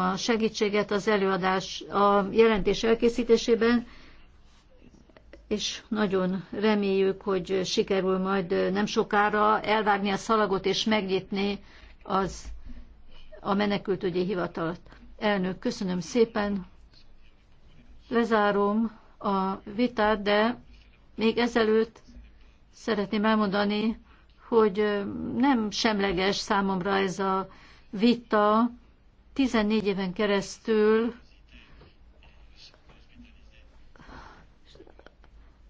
a segítséget az előadás a jelentés elkészítésében, és nagyon reméljük, hogy sikerül majd nem sokára elvágni a szalagot és megnyitni az a menekültügyi hivatalt. Elnök, köszönöm szépen. Lezárom a vitát, de még ezelőtt szeretném elmondani, hogy nem semleges számomra ez a vita, 14 éven keresztül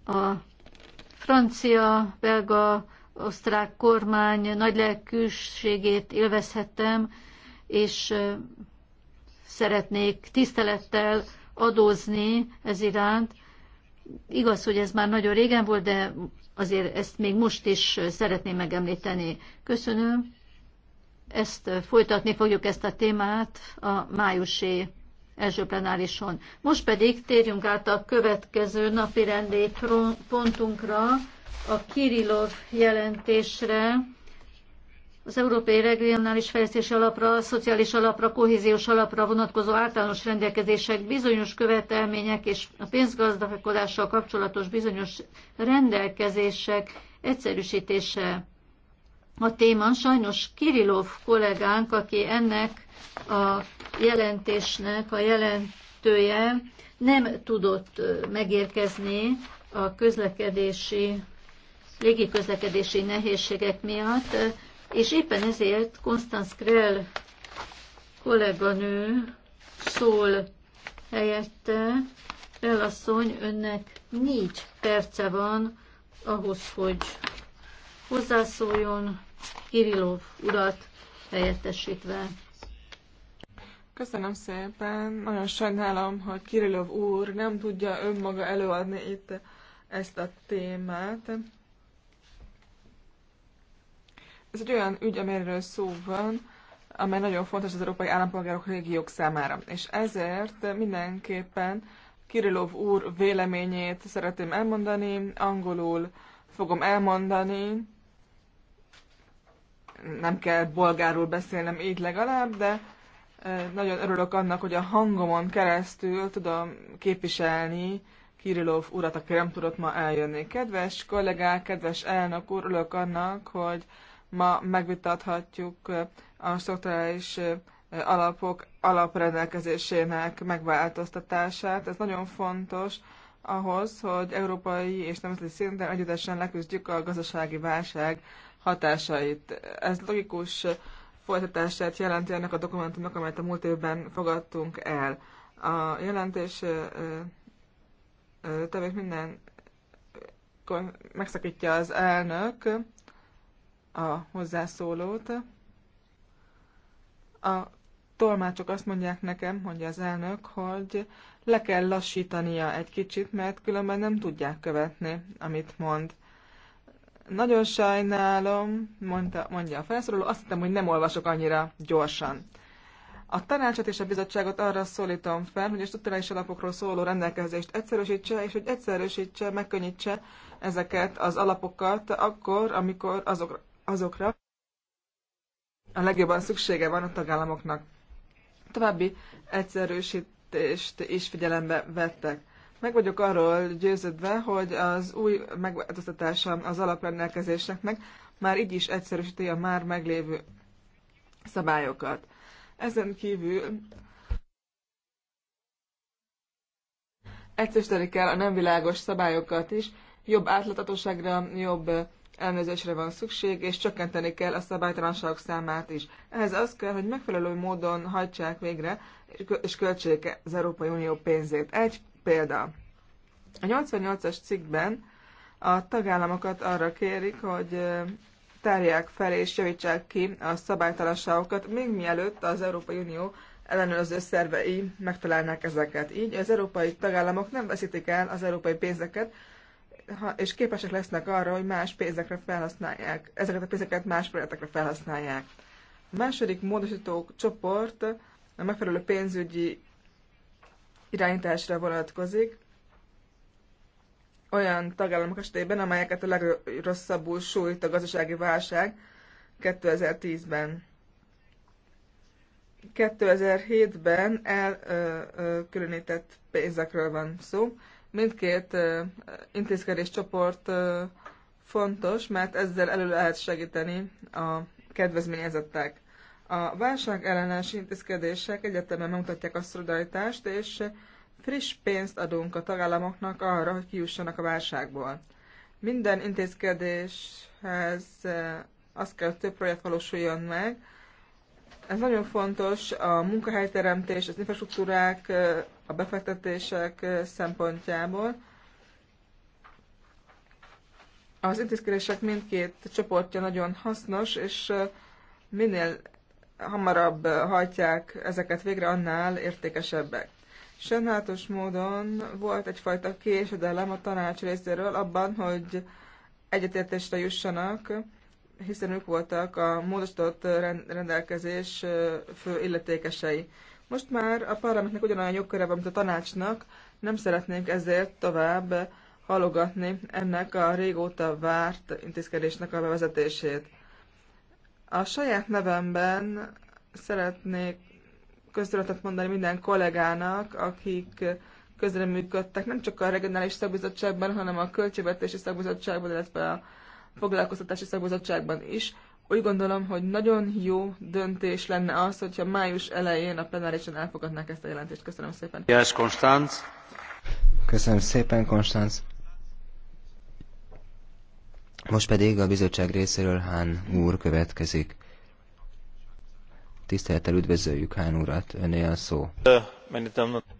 a francia, belga, osztrák kormány nagy lelkűségét élvezhettem, és szeretnék tisztelettel adózni ez iránt. Igaz, hogy ez már nagyon régen volt, de azért ezt még most is szeretném megemlíteni. Köszönöm ezt folytatni fogjuk ezt a témát a májusi első plenárison. Most pedig térjünk át a következő napi rendi pontunkra, a Kirillov jelentésre, az Európai Regionális Fejlesztési Alapra, a Szociális Alapra, Kohéziós Alapra vonatkozó általános rendelkezések, bizonyos követelmények és a pénzgazdálkodással kapcsolatos bizonyos rendelkezések egyszerűsítése a téma. Sajnos Kirilov kollégánk, aki ennek a jelentésnek a jelentője, nem tudott megérkezni a közlekedési, légiközlekedési nehézségek miatt, és éppen ezért Konstanz Krell kolléganő szól helyette. Krell asszony, önnek négy perce van ahhoz, hogy hozzászóljon, Kirillov urat helyettesítve. Köszönöm szépen. Nagyon sajnálom, hogy Kirillov úr nem tudja önmaga előadni itt ezt a témát. Ez egy olyan ügy, amiről szó van, amely nagyon fontos az európai állampolgárok régiók számára. És ezért mindenképpen Kirillov úr véleményét szeretném elmondani, angolul fogom elmondani, nem kell bolgárul beszélnem így legalább, de nagyon örülök annak, hogy a hangomon keresztül tudom képviselni Kirillov urat, aki nem tudott ma eljönni. Kedves kollégák, kedves elnök úr, örülök annak, hogy ma megvitathatjuk a strukturális alapok alaprendelkezésének megváltoztatását. Ez nagyon fontos ahhoz, hogy európai és nemzeti szinten együttesen leküzdjük a gazdasági válság hatásait. Ez logikus folytatását jelenti ennek a dokumentumnak, amelyet a múlt évben fogadtunk el. A jelentés tevék minden megszakítja az elnök a hozzászólót. A tolmácsok azt mondják nekem, mondja az elnök, hogy le kell lassítania egy kicsit, mert különben nem tudják követni, amit mond. Nagyon sajnálom, mondta, mondja a felszólaló, azt hittem, hogy nem olvasok annyira gyorsan. A tanácsot és a bizottságot arra szólítom fel, hogy a struktúrális alapokról szóló rendelkezést egyszerűsítse, és hogy egyszerűsítse, megkönnyítse ezeket az alapokat akkor, amikor azok, azokra a legjobban szüksége van a tagállamoknak. További egyszerűsítést is figyelembe vettek. Meg vagyok arról győződve, hogy az új megváltoztatása az alaprendelkezéseknek már így is egyszerűsíti a már meglévő szabályokat. Ezen kívül egyszerűsíteni kell a nem világos szabályokat is, jobb átlátatosságra, jobb ellenőrzésre van szükség, és csökkenteni kell a szabálytalanságok számát is. Ehhez az kell, hogy megfelelő módon hajtsák végre, és költsék az Európai Unió pénzét. Egy példa. A 88-as cikkben a tagállamokat arra kérik, hogy tárják fel és javítsák ki a szabálytalanságokat, még mielőtt az Európai Unió ellenőrző szervei megtalálnák ezeket. Így az európai tagállamok nem veszítik el az európai pénzeket, és képesek lesznek arra, hogy más pénzekre felhasználják, ezeket a pénzeket más projektekre felhasználják. A második módosító csoport a megfelelő pénzügyi irányításra vonatkozik olyan tagállamok esetében, amelyeket a legrosszabbul sújt a gazdasági válság 2010-ben. 2007-ben elkülönített pénzekről van szó. Mindkét intézkedés csoport fontos, mert ezzel elő lehet segíteni a kedvezményezettek. A válság ellenes intézkedések egyetemen megmutatják a szolidaritást, és friss pénzt adunk a tagállamoknak arra, hogy kijussanak a válságból. Minden intézkedéshez eh, az kell, hogy több projekt valósuljon meg. Ez nagyon fontos a munkahelyteremtés, az infrastruktúrák, eh, a befektetések eh, szempontjából. Az intézkedések mindkét csoportja nagyon hasznos, és minél hamarabb hajtják ezeket végre, annál értékesebbek. Sajnálatos módon volt egyfajta késedelem a tanács részéről abban, hogy egyetértésre jussanak, hiszen ők voltak a módosított rendelkezés fő illetékesei. Most már a parlamentnek ugyanolyan jogköre van, mint a tanácsnak, nem szeretnénk ezért tovább halogatni ennek a régóta várt intézkedésnek a bevezetését. A saját nevemben szeretnék köszönetet mondani minden kollégának, akik közreműködtek, nem csak a regionális szakbizottságban, hanem a költségvetési szakbizottságban, illetve a foglalkoztatási szakbizottságban is. Úgy gondolom, hogy nagyon jó döntés lenne az, hogyha május elején a plenárisan elfogadnák ezt a jelentést. Köszönöm szépen. Yes, Konstanz. Köszönöm szépen, Konstanz. Most pedig a bizottság részéről Hán úr következik. Tisztelettel üdvözöljük Hán urat, öné a szó.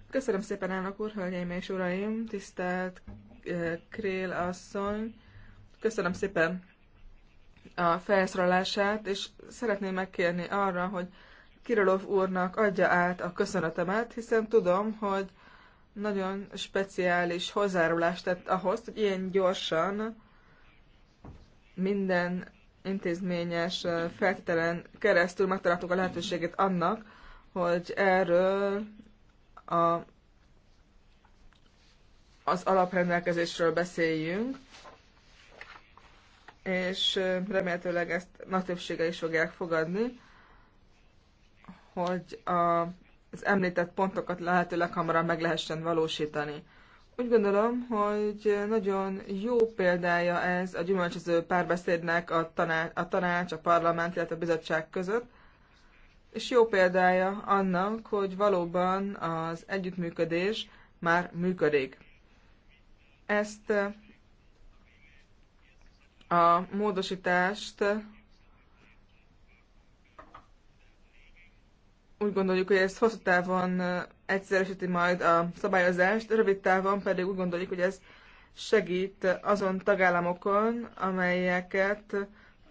Köszönöm szépen, elnök úr, hölgyeim és uraim, tisztelt Krél asszony. Köszönöm szépen a felszólalását, és szeretném megkérni arra, hogy Kirilov úrnak adja át a köszönetemet, hiszen tudom, hogy nagyon speciális hozzárulást tett ahhoz, hogy ilyen gyorsan minden intézményes feltételen keresztül megtaláltuk a lehetőségét annak, hogy erről a, az alaprendelkezésről beszéljünk, és remélhetőleg ezt nagy többsége is fogják fogadni, hogy a, az említett pontokat lehetőleg hamarabb meg lehessen valósítani. Úgy gondolom, hogy nagyon jó példája ez a gyümölcsöző párbeszédnek a tanács, a, tanács, a parlament, illetve a bizottság között, és jó példája annak, hogy valóban az együttműködés már működik. Ezt eh, a módosítást Úgy gondoljuk, hogy ez hosszú távon egyszerűsíti majd a szabályozást, rövid távon pedig úgy gondoljuk, hogy ez segít azon tagállamokon, amelyeket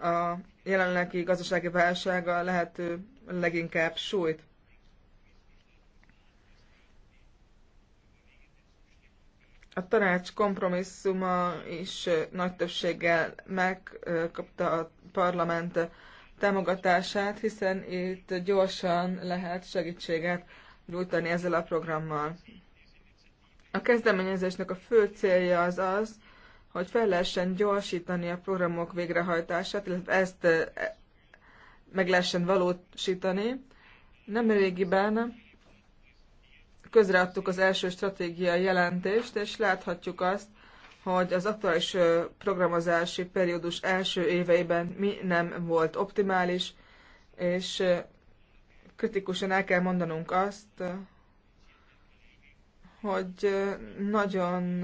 a jelenlegi gazdasági válsága lehető leginkább sújt. a tanács kompromisszuma is nagy többséggel megkapta a parlament támogatását, hiszen itt gyorsan lehet segítséget nyújtani ezzel a programmal. A kezdeményezésnek a fő célja az az, hogy fel lehessen gyorsítani a programok végrehajtását, illetve ezt e, meg lehessen valósítani. Nem régiben közreadtuk az első stratégiai jelentést, és láthatjuk azt, hogy az aktuális programozási periódus első éveiben mi nem volt optimális, és kritikusan el kell mondanunk azt, hogy nagyon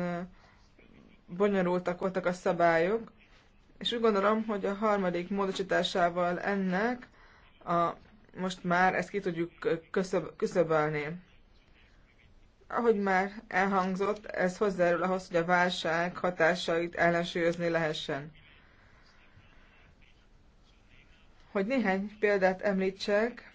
bonyolultak voltak a szabályok, és úgy gondolom, hogy a harmadik módosításával ennek a, most már ezt ki tudjuk küszöbölni ahogy már elhangzott, ez hozzájárul ahhoz, hogy a válság hatásait ellensúlyozni lehessen. Hogy néhány példát említsek,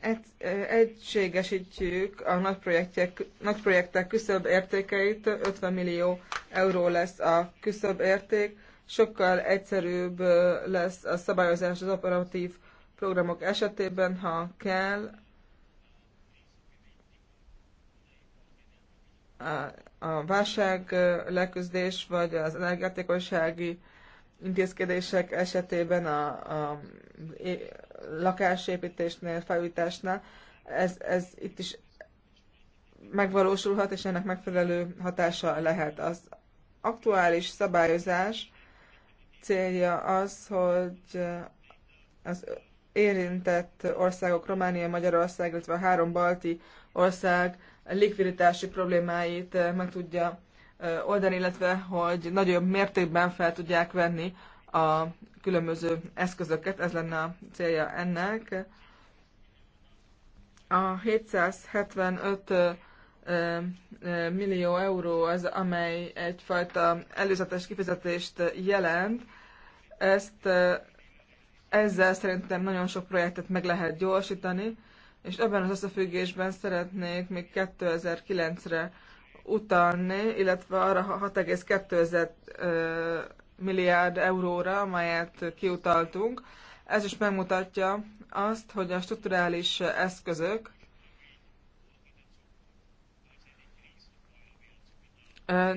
egy, egységesítjük a nagy, projektek, nagy projektek küszöbb értékeit, 50 millió euró lesz a küszöbb érték, sokkal egyszerűbb lesz a szabályozás az operatív programok esetében, ha kell, a válság leküzdés, vagy az energiatékonysági intézkedések esetében a, a lakásépítésnél, felújításnál, ez, ez itt is megvalósulhat, és ennek megfelelő hatása lehet. Az aktuális szabályozás célja az, hogy az érintett országok, Románia, Magyarország, illetve a három balti ország likviditási problémáit meg tudja oldani, illetve hogy nagyobb mértékben fel tudják venni a különböző eszközöket. Ez lenne a célja ennek. A 775 millió euró az, amely egyfajta előzetes kifizetést jelent. Ezt ezzel szerintem nagyon sok projektet meg lehet gyorsítani, és ebben az összefüggésben szeretnék még 2009-re utalni, illetve arra 6,2 milliárd euróra, amelyet kiutaltunk. Ez is megmutatja azt, hogy a strukturális eszközök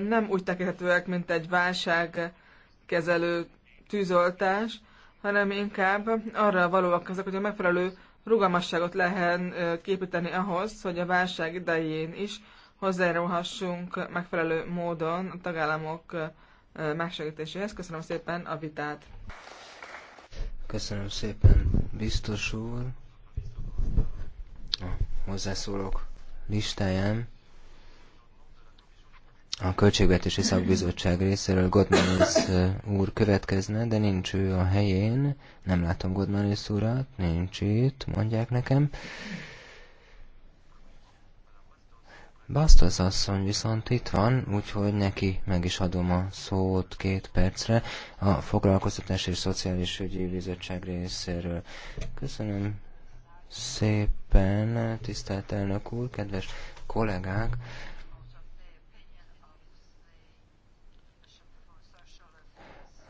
nem úgy tekinthetőek, mint egy válságkezelő tűzoltás, hanem inkább arra valóak azok, hogy a megfelelő rugalmasságot lehet képíteni ahhoz, hogy a válság idején is hozzájárulhassunk megfelelő módon a tagállamok megsegítéséhez. Köszönöm szépen a vitát! Köszönöm szépen, biztos úr! A hozzászólók listáján a Költségvetési Szakbizottság részéről Godmanis úr következne, de nincs ő a helyén. Nem látom Godmanis urat, nincs itt, mondják nekem. Bastos asszony viszont itt van, úgyhogy neki meg is adom a szót két percre a Foglalkoztatás és Szociális Ügyi Bizottság részéről. Köszönöm szépen, tisztelt elnök úr, kedves kollégák!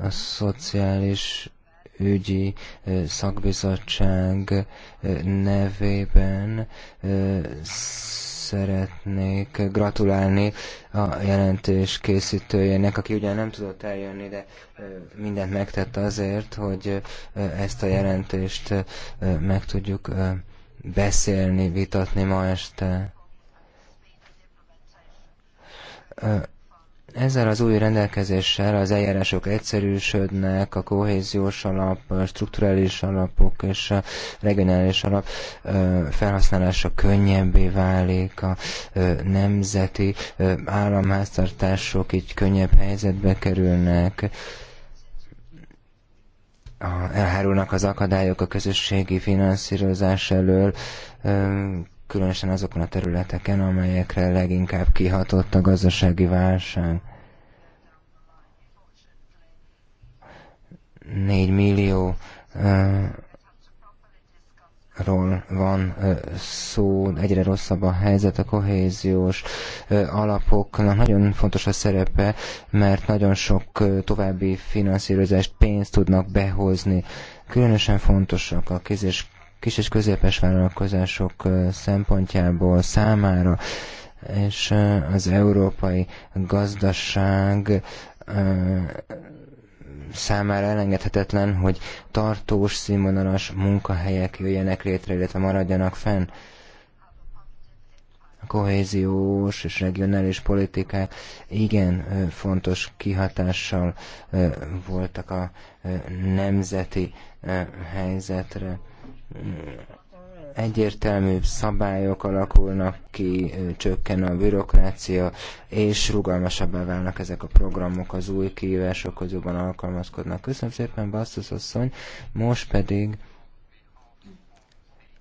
a szociális ügyi szakbizottság nevében szeretnék gratulálni a jelentés készítőjének, aki ugyan nem tudott eljönni, de mindent megtett azért, hogy ezt a jelentést meg tudjuk beszélni, vitatni ma este ezzel az új rendelkezéssel az eljárások egyszerűsödnek, a kohéziós alap, a strukturális alapok és a regionális alap felhasználása könnyebbé válik, a nemzeti államháztartások így könnyebb helyzetbe kerülnek, elhárulnak az akadályok a közösségi finanszírozás elől, különösen azokon a területeken, amelyekre leginkább kihatott a gazdasági válság. 4 millió uh, ról van szó, egyre rosszabb a helyzet, a kohéziós alapoknak nagyon fontos a szerepe, mert nagyon sok további finanszírozást, pénzt tudnak behozni. Különösen fontosak a kéz és kis és középes vállalkozások szempontjából számára, és az európai gazdaság számára elengedhetetlen, hogy tartós, színvonalas munkahelyek jöjjenek létre, illetve maradjanak fenn kohéziós és regionális politikák igen fontos kihatással voltak a nemzeti helyzetre egyértelműbb szabályok alakulnak ki, csökken a bürokrácia, és rugalmasabbá válnak ezek a programok, az új kihívásokhoz jobban alkalmazkodnak. Köszönöm szépen, Basszus asszony, most pedig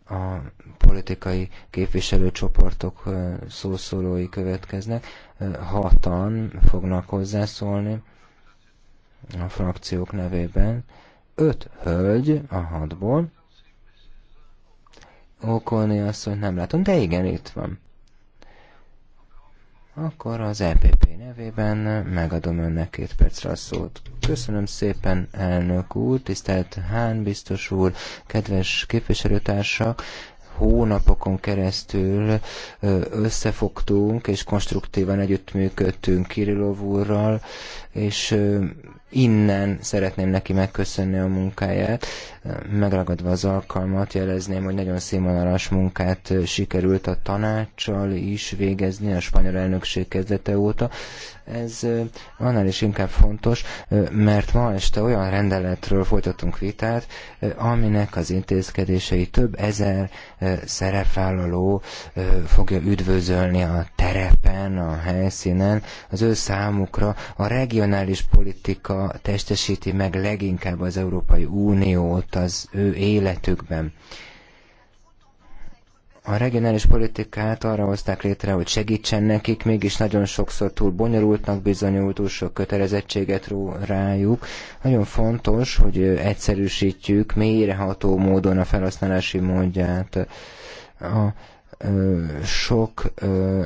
a politikai képviselőcsoportok szószólói következnek, hatan fognak hozzászólni a frakciók nevében, öt hölgy a hatból, Okolni azt, hogy nem látom, de igen, itt van. Akkor az EPP nevében megadom önnek két percre a szót. Köszönöm szépen, elnök úr, tisztelt Hán biztos úr, kedves képviselőtársak, hónapokon keresztül összefogtunk és konstruktívan együttműködtünk Kirillov úrral, és innen szeretném neki megköszönni a munkáját. Megragadva az alkalmat jelezném, hogy nagyon színvonalas munkát sikerült a tanácssal is végezni a spanyol elnökség kezdete óta. Ez annál is inkább fontos, mert ma este olyan rendeletről folytatunk vitát, aminek az intézkedései több ezer szerepvállaló fogja üdvözölni a terepen, a helyszínen. Az ő számukra a regionális politika testesíti meg leginkább az Európai Uniót az ő életükben. A regionális politikát arra hozták létre, hogy segítsen nekik, mégis nagyon sokszor túl bonyolultnak bizonyult, túl sok kötelezettséget ró rájuk. Nagyon fontos, hogy egyszerűsítjük mélyreható módon a felhasználási módját. A sok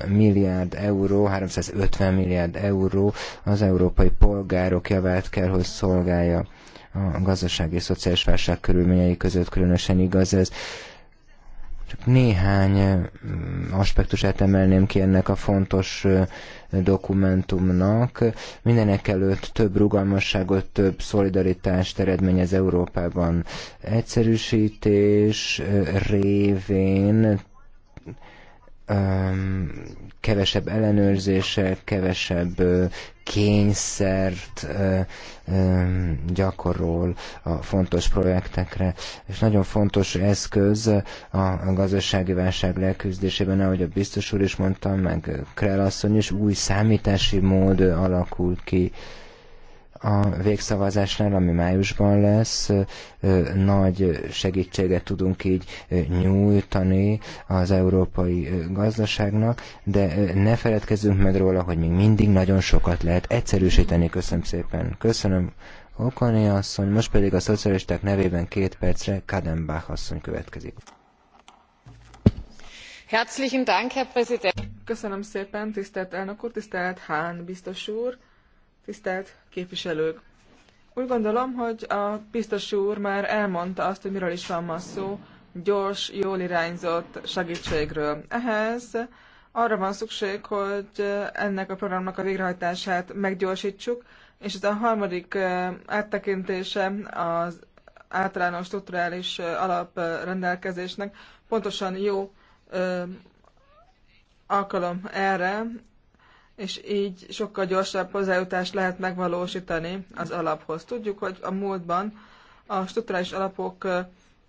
milliárd euró, 350 milliárd euró az európai polgárok javát kell, hogy szolgálja a gazdasági és szociális válság körülményei között különösen igaz ez. Csak néhány mm, aspektusát emelném ki ennek a fontos dokumentumnak. Mindenek előtt több rugalmasságot, több szolidaritást eredményez Európában. Egyszerűsítés révén kevesebb ellenőrzése, kevesebb kényszert gyakorol a fontos projektekre. És nagyon fontos eszköz a gazdasági válság leküzdésében, ahogy a biztos úr is mondta, meg Krell asszony is új számítási mód alakul ki a végszavazásnál, ami májusban lesz, nagy segítséget tudunk így nyújtani az európai gazdaságnak, de ne feledkezzünk meg róla, hogy még mindig nagyon sokat lehet egyszerűsíteni. Köszönöm szépen. Köszönöm. Okoni asszony, most pedig a szocialisták nevében két percre Kadenbach asszony következik. Herzlichen Dank, Herr Präsident. Köszönöm szépen, tisztelt elnök úr, tisztelt Hán biztos úr tisztelt képviselők! Úgy gondolom, hogy a biztos úr már elmondta azt, hogy miről is van ma szó, gyors, jól irányzott segítségről. Ehhez arra van szükség, hogy ennek a programnak a végrehajtását meggyorsítsuk, és ez a harmadik áttekintése az általános strukturális alaprendelkezésnek pontosan jó alkalom erre, és így sokkal gyorsabb hozzájutást lehet megvalósítani az alaphoz. Tudjuk, hogy a múltban a strukturális alapok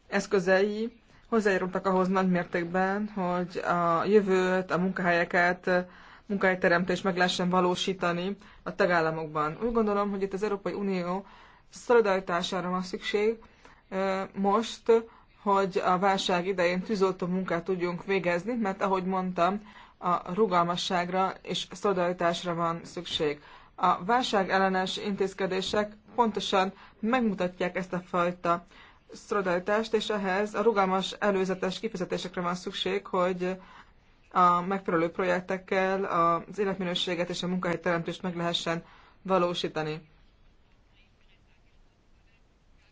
eszközei hozzájárultak ahhoz nagy mértékben, hogy a jövőt, a munkahelyeket, munkahelyteremtés meg lehessen valósítani a tagállamokban. Úgy gondolom, hogy itt az Európai Unió szolidaritására van szükség most, hogy a válság idején tűzoltó munkát tudjunk végezni, mert ahogy mondtam, a rugalmasságra és szolidaritásra van szükség. A válság ellenes intézkedések pontosan megmutatják ezt a fajta szolidaritást, és ehhez a rugalmas előzetes kifizetésekre van szükség, hogy a megfelelő projektekkel az életminőséget és a munkahelyteremtést meg lehessen valósítani.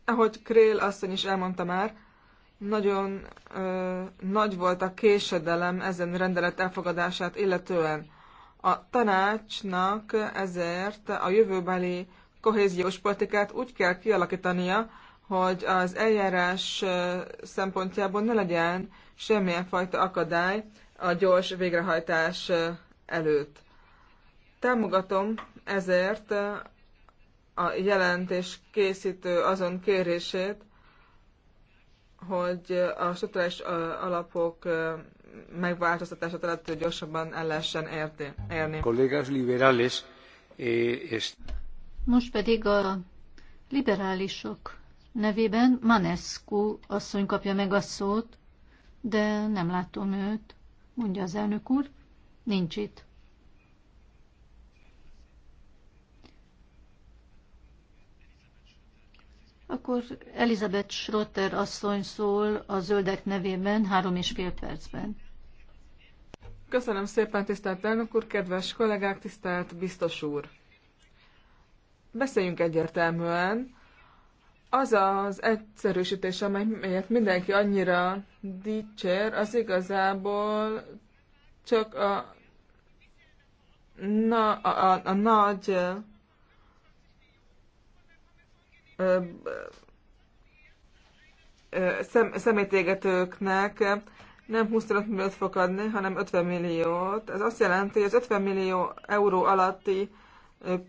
Ahogy Krél asszony is elmondta már, nagyon ö, nagy volt a késedelem ezen rendelet elfogadását illetően. A tanácsnak ezért a jövőbeli kohéziós politikát úgy kell kialakítania, hogy az eljárás szempontjából ne legyen semmilyen fajta akadály a gyors végrehajtás előtt. Támogatom ezért a jelentés készítő azon kérését, hogy a struktúrális alapok megváltoztatása talán gyorsabban el lehessen érni. Kollégás liberális, és... Most pedig a liberálisok nevében Manescu asszony kapja meg a szót, de nem látom őt, mondja az elnök úr, nincs itt. Akkor Elizabeth Schrotter asszony szól a zöldek nevében három és fél percben. Köszönöm szépen, tisztelt elnök úr, kedves kollégák, tisztelt biztos úr! Beszéljünk egyértelműen. Az az egyszerűsítés, amelyet mindenki annyira dicsér, az igazából csak a, na, a, a, a nagy szem, szemétégetőknek nem 25 milliót fog adni, hanem 50 milliót. Ez azt jelenti, hogy az 50 millió euró alatti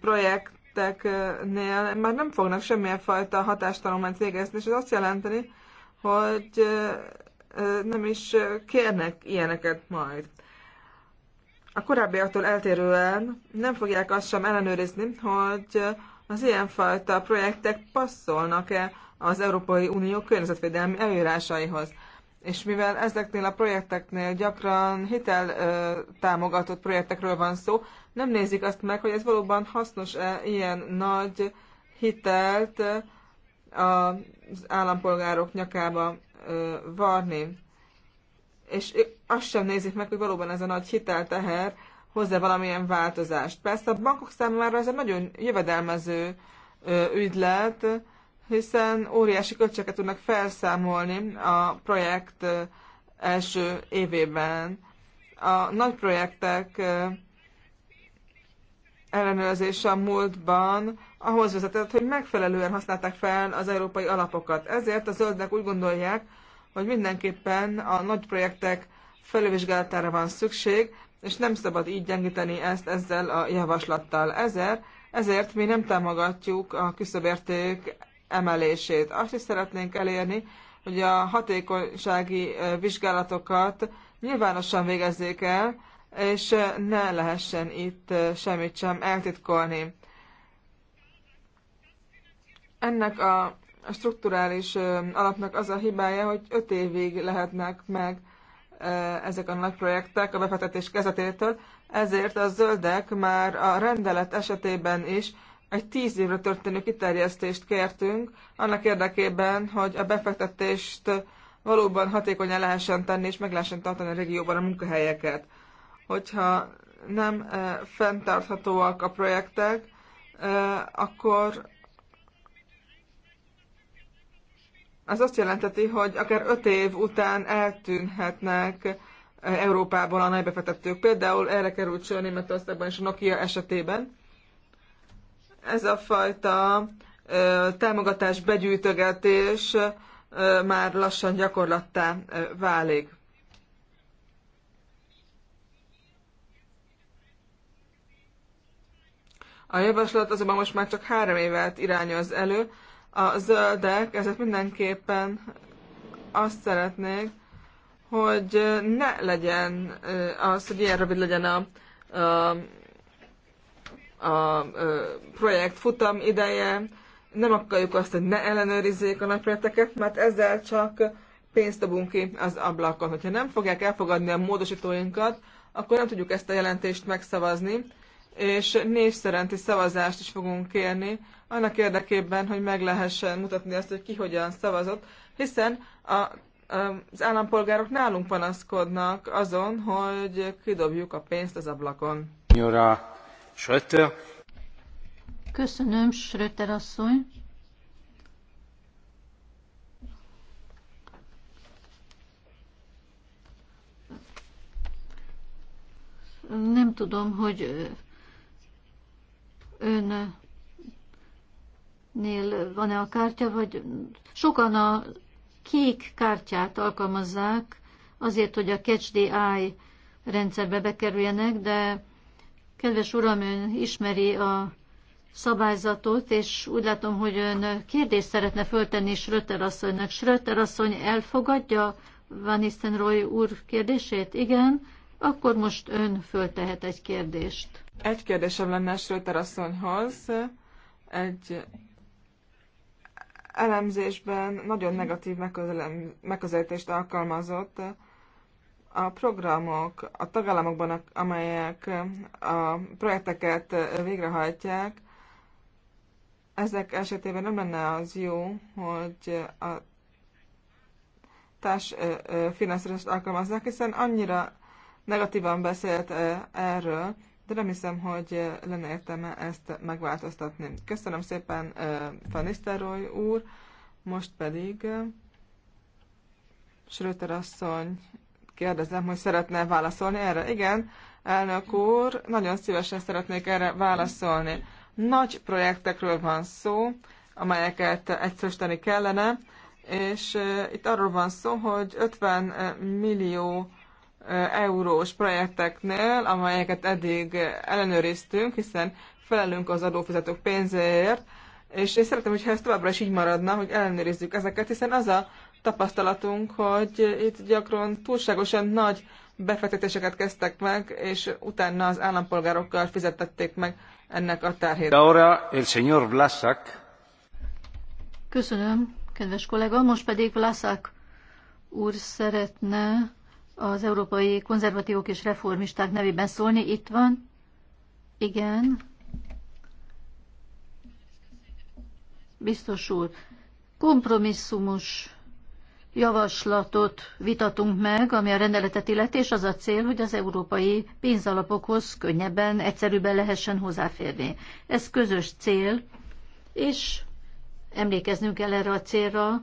projekteknél már nem fognak semmilyen fajta hatástanulmányt végezni, és ez azt jelenti, hogy nem is kérnek ilyeneket majd. A korábbiaktól eltérően nem fogják azt sem ellenőrizni, hogy az ilyenfajta projektek passzolnak-e az Európai Unió környezetvédelmi előírásaihoz? És mivel ezeknél a projekteknél gyakran hitel ö, támogatott projektekről van szó, nem nézik azt meg, hogy ez valóban hasznos-e ilyen nagy hitelt az állampolgárok nyakába ö, varni. És azt sem nézik meg, hogy valóban ez a nagy hitelteher hozzá valamilyen változást. Persze a bankok számára ez egy nagyon jövedelmező ügylet, hiszen óriási költségeket tudnak felszámolni a projekt első évében. A nagy projektek ellenőrzése a múltban ahhoz vezetett, hogy megfelelően használták fel az európai alapokat. Ezért a zöldek úgy gondolják, hogy mindenképpen a nagy projektek felülvizsgálatára van szükség, és nem szabad így gyengíteni ezt ezzel a javaslattal. Ezért, ezért mi nem támogatjuk a küszöbérték emelését. Azt is szeretnénk elérni, hogy a hatékonysági vizsgálatokat nyilvánosan végezzék el, és ne lehessen itt semmit sem eltitkolni. Ennek a strukturális alapnak az a hibája, hogy öt évig lehetnek meg ezek a nagy projektek a befektetés kezdetétől, ezért a zöldek már a rendelet esetében is egy tíz évre történő kiterjesztést kértünk, annak érdekében, hogy a befektetést valóban hatékonyan lehessen tenni, és meg lehessen tartani a régióban a munkahelyeket. Hogyha nem e, fenntarthatóak a projektek, e, akkor az azt jelenteti, hogy akár öt év után eltűnhetnek e, Európából a nagybefektetők. Például erre került sor Németországban és a Nokia esetében. Ez a fajta e, támogatás begyűjtögetés e, már lassan gyakorlattá válik. A javaslat azonban most már csak három évet irányoz elő, a zöldek ezek mindenképpen azt szeretnék, hogy ne legyen az, hogy ilyen rövid legyen a, a, a, a projekt futam ideje, nem akarjuk azt, hogy ne ellenőrizzék a nagyprojekteket, mert ezzel csak pénzt dobunk ki az ablakon. Hogyha nem fogják elfogadni a módosítóinkat, akkor nem tudjuk ezt a jelentést megszavazni, és név szerinti szavazást is fogunk kérni annak érdekében, hogy meg lehessen mutatni azt, hogy ki hogyan szavazott, hiszen a, az állampolgárok nálunk panaszkodnak azon, hogy kidobjuk a pénzt az ablakon. Nyora Schröter. Köszönöm, Schröter asszony. Nem tudom, hogy ön nél van-e a kártya, vagy sokan a kék kártyát alkalmazzák azért, hogy a Catch the Eye rendszerbe bekerüljenek, de kedves uram, ön ismeri a szabályzatot, és úgy látom, hogy ön kérdést szeretne föltenni Schröter asszonynak. Schröter asszony elfogadja Van Roy úr kérdését? Igen, akkor most ön föltehet egy kérdést. Egy kérdésem lenne Schröter asszonyhoz. Egy elemzésben nagyon negatív megközelítést alkalmazott. A programok a tagállamokban, amelyek a projekteket végrehajtják, ezek esetében nem lenne az jó, hogy a társfinanszírozást alkalmazzák, hiszen annyira negatívan beszélt erről de nem hiszem, hogy lenne értelme ezt megváltoztatni. Köszönöm szépen, Fanisteroy úr, most pedig Schröter asszony, kérdezem, hogy szeretne válaszolni erre. Igen, elnök úr, nagyon szívesen szeretnék erre válaszolni. Nagy projektekről van szó, amelyeket egyszerűsíteni kellene, és itt arról van szó, hogy 50 millió eurós projekteknél, amelyeket eddig ellenőriztünk, hiszen felelünk az adófizetők pénzéért, és én szeretem, hogyha ez továbbra is így maradna, hogy ellenőrizzük ezeket, hiszen az a tapasztalatunk, hogy itt gyakran túlságosan nagy befektetéseket kezdtek meg, és utána az állampolgárokkal fizetették meg ennek a terhét. Ahora el señor Vlasak. Köszönöm, kedves kollega. Most pedig Vlasak úr szeretne az európai konzervatívok és reformisták nevében szólni. Itt van. Igen. Biztos úr. Kompromisszumos javaslatot vitatunk meg, ami a rendeletet illeti, és az a cél, hogy az európai pénzalapokhoz könnyebben, egyszerűbben lehessen hozzáférni. Ez közös cél, és emlékeznünk kell erre a célra,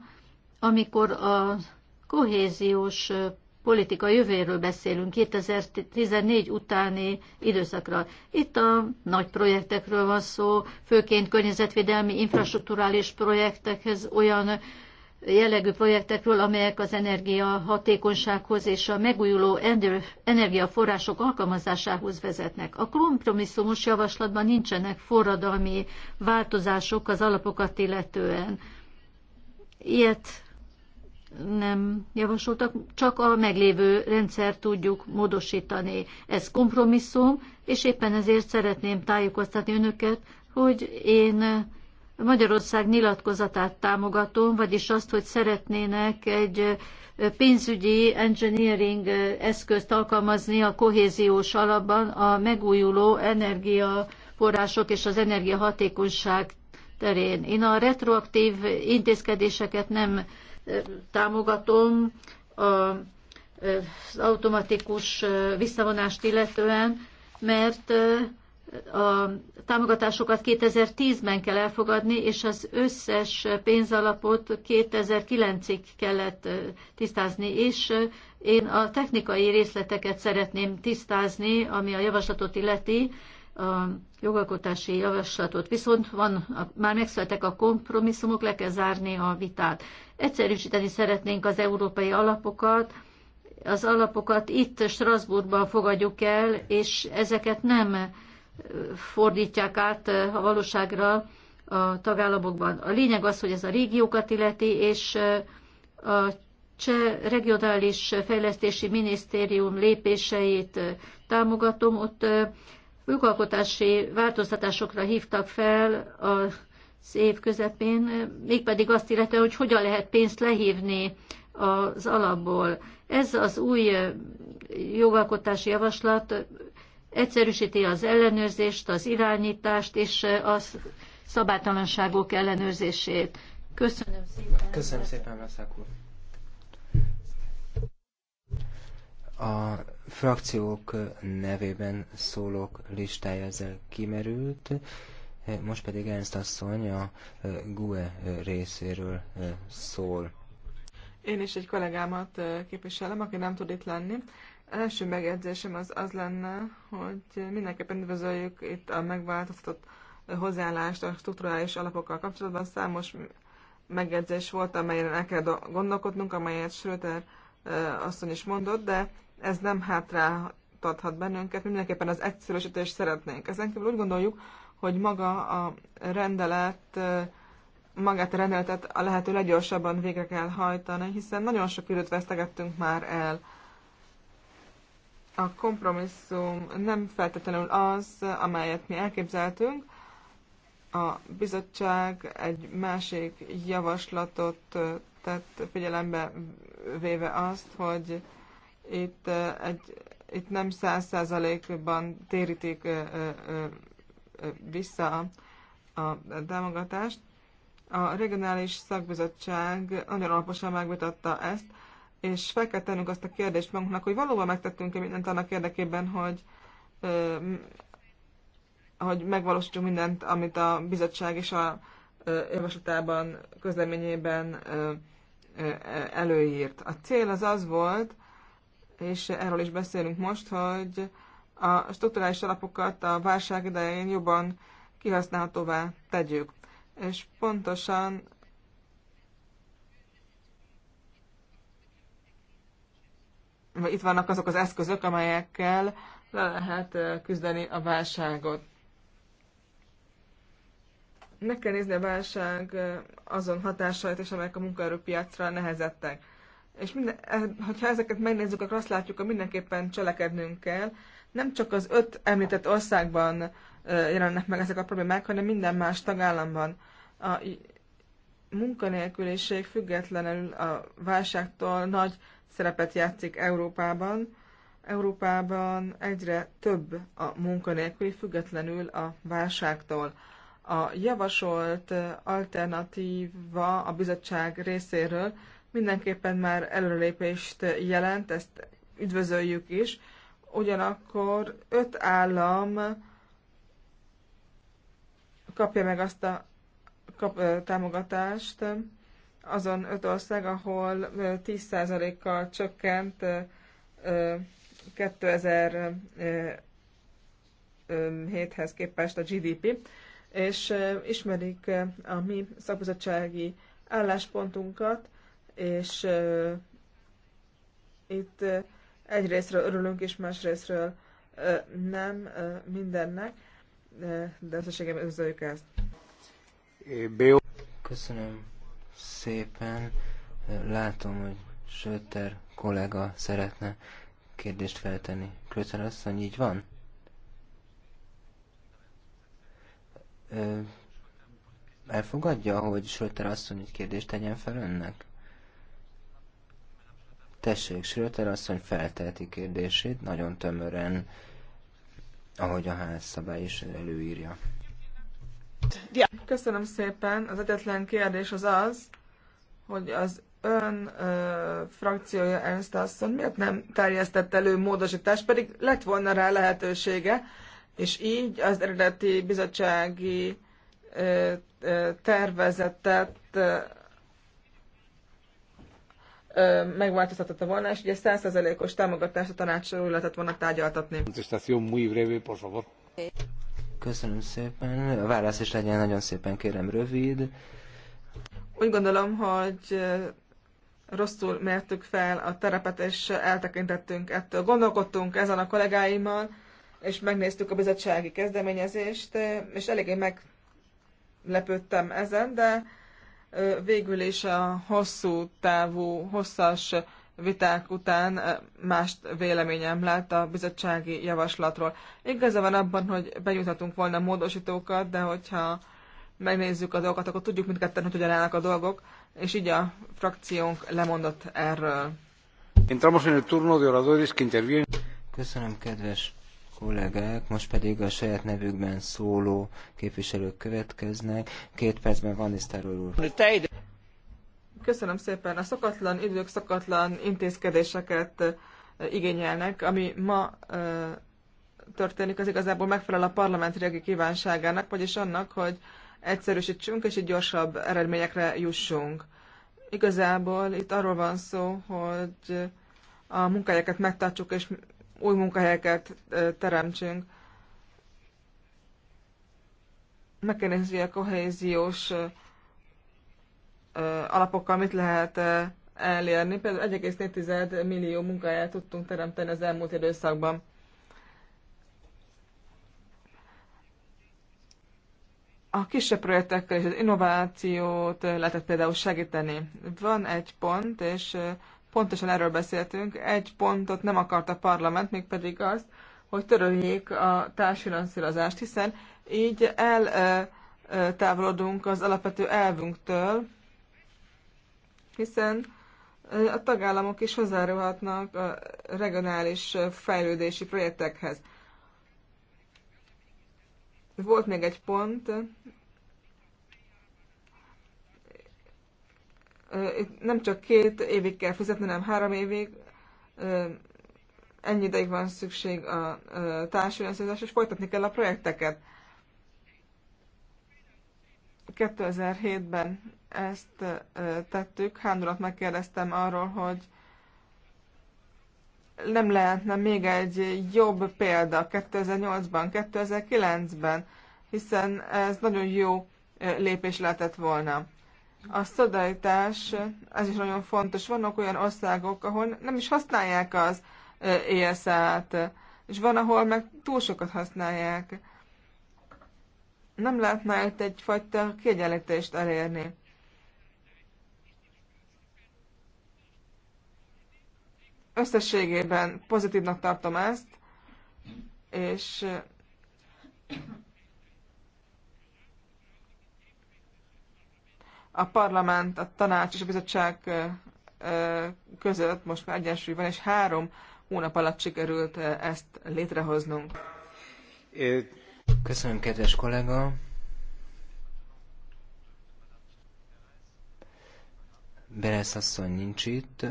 amikor a kohéziós politika jövőjéről beszélünk, 2014 utáni időszakra. Itt a nagy projektekről van szó, főként környezetvédelmi, infrastruktúrális projektekhez olyan jellegű projektekről, amelyek az energia hatékonysághoz és a megújuló energiaforrások alkalmazásához vezetnek. A kompromisszumos javaslatban nincsenek forradalmi változások az alapokat illetően. Ilyet nem javasoltak, csak a meglévő rendszer tudjuk módosítani. Ez kompromisszum, és éppen ezért szeretném tájékoztatni önöket, hogy én Magyarország nyilatkozatát támogatom, vagyis azt, hogy szeretnének egy pénzügyi engineering eszközt alkalmazni a kohéziós alapban a megújuló energiaforrások és az energiahatékonyság terén. Én a retroaktív intézkedéseket nem támogatom az automatikus visszavonást illetően, mert a támogatásokat 2010-ben kell elfogadni, és az összes pénzalapot 2009-ig kellett tisztázni, és én a technikai részleteket szeretném tisztázni, ami a javaslatot illeti, a jogalkotási javaslatot. Viszont van, már megszülettek a kompromisszumok, le kell zárni a vitát. Egyszerűsíteni szeretnénk az európai alapokat, az alapokat itt Strasbourgban fogadjuk el, és ezeket nem fordítják át a valóságra a tagállamokban. A lényeg az, hogy ez a régiókat illeti, és a cseh regionális fejlesztési minisztérium lépéseit támogatom. Ott jogalkotási változtatásokra hívtak fel a év közepén, mégpedig azt illetve, hogy hogyan lehet pénzt lehívni az alapból. Ez az új jogalkotási javaslat egyszerűsíti az ellenőrzést, az irányítást és a szabálytalanságok ellenőrzését. Köszönöm szépen. Köszönöm szépen, Veszák úr. A frakciók nevében szólók listája ezzel kimerült. Most pedig Ernst asszony a GUE részéről szól. Én is egy kollégámat képviselem, aki nem tud itt lenni. Első megjegyzésem az az lenne, hogy mindenképpen üdvözöljük itt a megváltoztatott hozzáállást a strukturális alapokkal kapcsolatban. Számos megjegyzés volt, amelyen el kell gondolkodnunk, amelyet Schröter asszony is mondott, de ez nem hátráltathat bennünket, mindenképpen az egyszerűsítést szeretnénk. Ezen kívül úgy gondoljuk, hogy maga a rendelet, magát a rendeletet a lehető leggyorsabban végre kell hajtani, hiszen nagyon sok időt vesztegettünk már el. A kompromisszum nem feltétlenül az, amelyet mi elképzeltünk. A bizottság egy másik javaslatot tett figyelembe véve azt, hogy itt, egy, itt nem száz százalékban térítik vissza a, a támogatást. A regionális szakbizottság nagyon alaposan megvitatta ezt, és fel kell tennünk azt a kérdést magunknak, hogy valóban megtettünk-e mindent annak érdekében, hogy, hogy megvalósítsunk mindent, amit a bizottság és a javaslatában, közleményében előírt. A cél az az volt, és erről is beszélünk most, hogy a strukturális alapokat a válság idején jobban kihasználhatóvá tegyük. És pontosan itt vannak azok az eszközök, amelyekkel le lehet küzdeni a válságot. Meg kell nézni a válság azon hatásait, és amelyek a munkaerőpiacra nehezettek. És minden, eh, hogyha ezeket megnézzük, akkor azt látjuk, hogy mindenképpen cselekednünk kell, nem csak az öt említett országban jelennek meg ezek a problémák, hanem minden más tagállamban. A munkanélküliség függetlenül a válságtól nagy szerepet játszik Európában. Európában egyre több a munkanélküli, függetlenül a válságtól. A javasolt alternatíva a bizottság részéről mindenképpen már előrelépést jelent, ezt üdvözöljük is, ugyanakkor öt állam kapja meg azt a kap, támogatást, azon öt ország, ahol 10%-kal csökkent 2007-hez képest a GDP, és ismerik a mi szakbizottsági álláspontunkat, és itt egyrésztről örülünk és másrésztről nem mindennek, de összességében üdvözöljük ezt. Köszönöm szépen. Látom, hogy Söter kollega szeretne kérdést feltenni. Kröter asszony, így van? Elfogadja, hogy Söter asszony egy kérdést tegyen fel önnek? Tessék, Schröter asszony felteheti kérdését nagyon tömören, ahogy a szabály is előírja. Köszönöm szépen. Az egyetlen kérdés az az, hogy az ön ö, frakciója Ernst asszony, miért nem terjesztett elő módosítást, pedig lett volna rá lehetősége, és így az eredeti bizottsági ö, ö, tervezetet ö, megváltoztatta volna, és ugye 100%-os támogatást a tanácsról lehetett volna tárgyaltatni. Köszönöm szépen. A válasz is legyen nagyon szépen, kérem, rövid. Úgy gondolom, hogy rosszul mértük fel a terepet, és eltekintettünk ettől. Gondolkodtunk ezen a kollégáimmal, és megnéztük a bizottsági kezdeményezést, és eléggé meglepődtem ezen, de végül is a hosszú távú, hosszas viták után más véleményem lett a bizottsági javaslatról. Igaza van abban, hogy benyújthatunk volna módosítókat, de hogyha megnézzük a dolgokat, akkor tudjuk mindketten, hogy hogyan állnak a dolgok, és így a frakciónk lemondott erről. Entramos en el turno de oradores que intervienen. Köszönöm, kedves kollégák, most pedig a saját nevükben szóló képviselők következnek. Két percben van is úr. Köszönöm szépen. A szokatlan idők szokatlan intézkedéseket igényelnek, ami ma történik, az igazából megfelel a parlament régi kívánságának, vagyis annak, hogy egyszerűsítsünk és így gyorsabb eredményekre jussunk. Igazából itt arról van szó, hogy a munkájákat megtartsuk és új munkahelyeket teremtsünk. Meg kell nézni, hogy a kohéziós alapokkal mit lehet elérni. Például 1,4 millió munkahelyet tudtunk teremteni az elmúlt időszakban. A kisebb projektekkel és az innovációt lehetett például segíteni. Van egy pont, és pontosan erről beszéltünk, egy pontot nem akart a parlament, mégpedig azt, hogy töröljék a társfinanszírozást, hiszen így eltávolodunk az alapvető elvünktől, hiszen a tagállamok is hozzárulhatnak a regionális fejlődési projektekhez. Volt még egy pont, nem csak két évig kell fizetni, hanem három évig. Ennyi ideig van szükség a társadalmi és folytatni kell a projekteket. 2007-ben ezt tettük. Hándurat megkérdeztem arról, hogy nem lehetne még egy jobb példa 2008-ban, 2009-ben, hiszen ez nagyon jó lépés lehetett volna. A szolidaritás, ez is nagyon fontos. Vannak olyan országok, ahol nem is használják az ESZ-t, és van, ahol meg túl sokat használják. Nem lehetne itt egyfajta kiegyenlítést elérni. Összességében pozitívnak tartom ezt, és a parlament, a tanács és a bizottság között most már egyensúly van, és három hónap alatt sikerült ezt létrehoznunk. Köszönöm, kedves kollega! Beresz asszony nincs itt.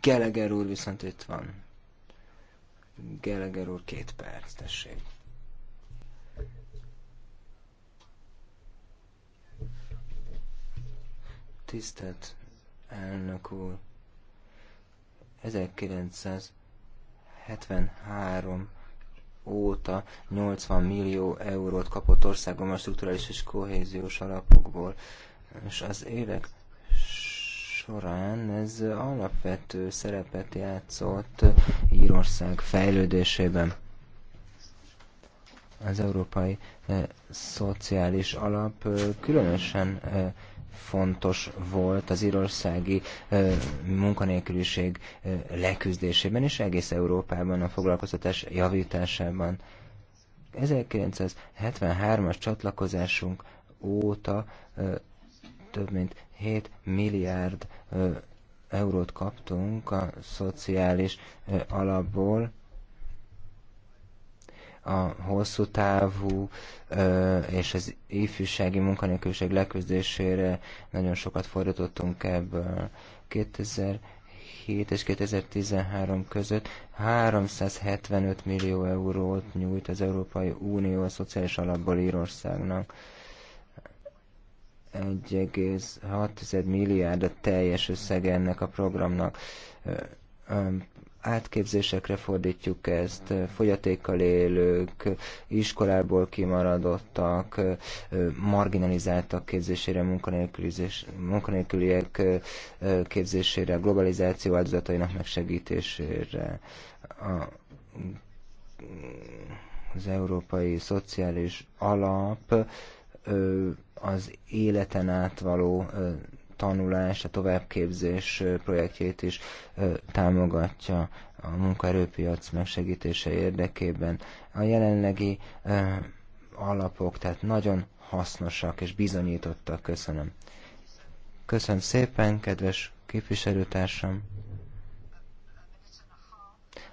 Geleger úr viszont itt van. Geleger úr két perc, tessék. Tisztelt elnök úr! 1973 óta 80 millió eurót kapott országom a strukturális és kohéziós alapokból, és az évek során ez alapvető szerepet játszott Írország fejlődésében. Az Európai eh, Szociális Alap eh, különösen eh, fontos volt az írországi munkanélküliség leküzdésében és egész Európában a foglalkoztatás javításában. 1973-as csatlakozásunk óta több mint 7 milliárd eurót kaptunk a szociális alapból, a hosszú távú és az ifjúsági munkanélküliség leküzdésére nagyon sokat fordítottunk ebből. 2007 és 2013 között 375 millió eurót nyújt az Európai Unió a szociális alapból Írországnak. 1,6 milliárd a teljes összeg ennek a programnak átképzésekre fordítjuk ezt, fogyatékkal élők, iskolából kimaradottak, marginalizáltak képzésére, munkanélküliek képzésére, globalizáció áldozatainak megsegítésére, a, az európai szociális alap az életen átvaló tanulás, a továbbképzés projektjét is támogatja a munkaerőpiac megsegítése érdekében. A jelenlegi alapok, tehát nagyon hasznosak és bizonyítottak. Köszönöm. Köszönöm szépen, kedves képviselőtársam.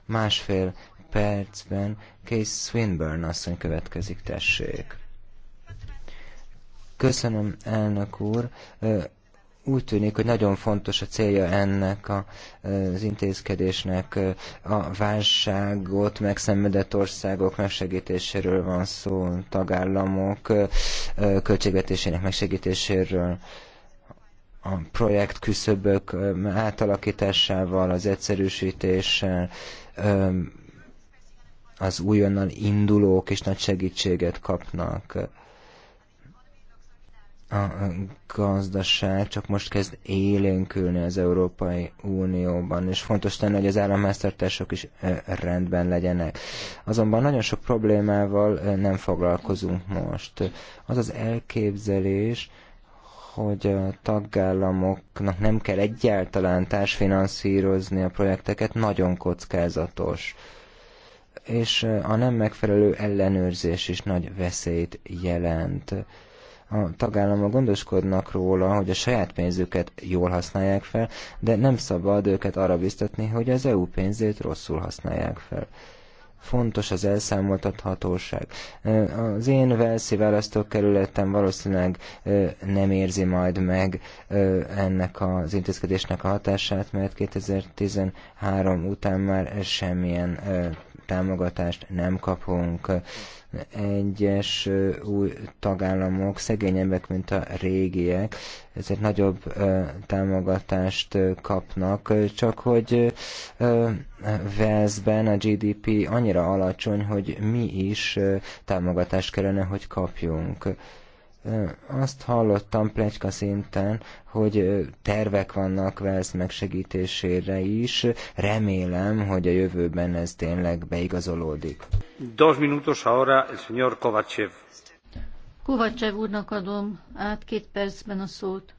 Másfél percben Case Swinburne asszony következik, tessék. Köszönöm, elnök úr úgy tűnik, hogy nagyon fontos a célja ennek a, az intézkedésnek. A válságot megszenvedett országok megsegítéséről van szó, tagállamok költségvetésének megsegítéséről a projekt küszöbök átalakításával, az egyszerűsítéssel, az újonnan indulók is nagy segítséget kapnak a gazdaság csak most kezd élénkülni az Európai Unióban, és fontos tenni, hogy az államháztartások is rendben legyenek. Azonban nagyon sok problémával nem foglalkozunk most. Az az elképzelés, hogy a tagállamoknak nem kell egyáltalán társfinanszírozni a projekteket, nagyon kockázatos. És a nem megfelelő ellenőrzés is nagy veszélyt jelent a tagállamok gondoskodnak róla, hogy a saját pénzüket jól használják fel, de nem szabad őket arra biztatni, hogy az EU pénzét rosszul használják fel. Fontos az elszámoltathatóság. Az én Velszi választókerületem valószínűleg nem érzi majd meg ennek az intézkedésnek a hatását, mert 2013 után már semmilyen támogatást nem kapunk. Egyes új tagállamok szegényebbek, mint a régiek, ezért nagyobb támogatást kapnak, csak hogy Velszben a GDP annyira alacsony, hogy mi is támogatást kellene, hogy kapjunk. Azt hallottam plecska szinten, hogy tervek vannak Wells megsegítésére is. Remélem, hogy a jövőben ez tényleg beigazolódik. Dos minutos ahora el señor Kovácsev. Kovácsev úrnak adom át két percben a szót.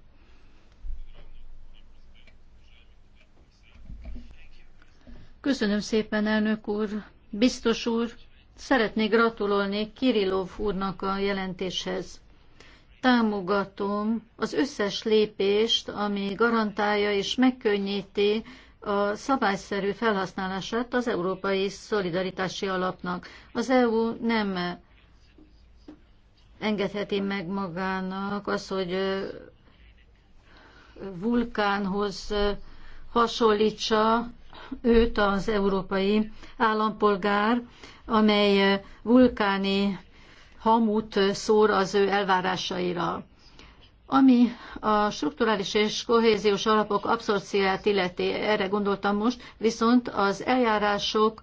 Köszönöm szépen, elnök úr. Biztos úr, szeretnék gratulolni Kirilov úrnak a jelentéshez támogatom az összes lépést, ami garantálja és megkönnyíti a szabályszerű felhasználását az Európai Szolidaritási Alapnak. Az EU nem engedheti meg magának az, hogy vulkánhoz hasonlítsa őt az európai állampolgár, amely vulkáni hamut szór az ő elvárásaira. Ami a strukturális és kohéziós alapok abszorciát illeti, erre gondoltam most, viszont az eljárások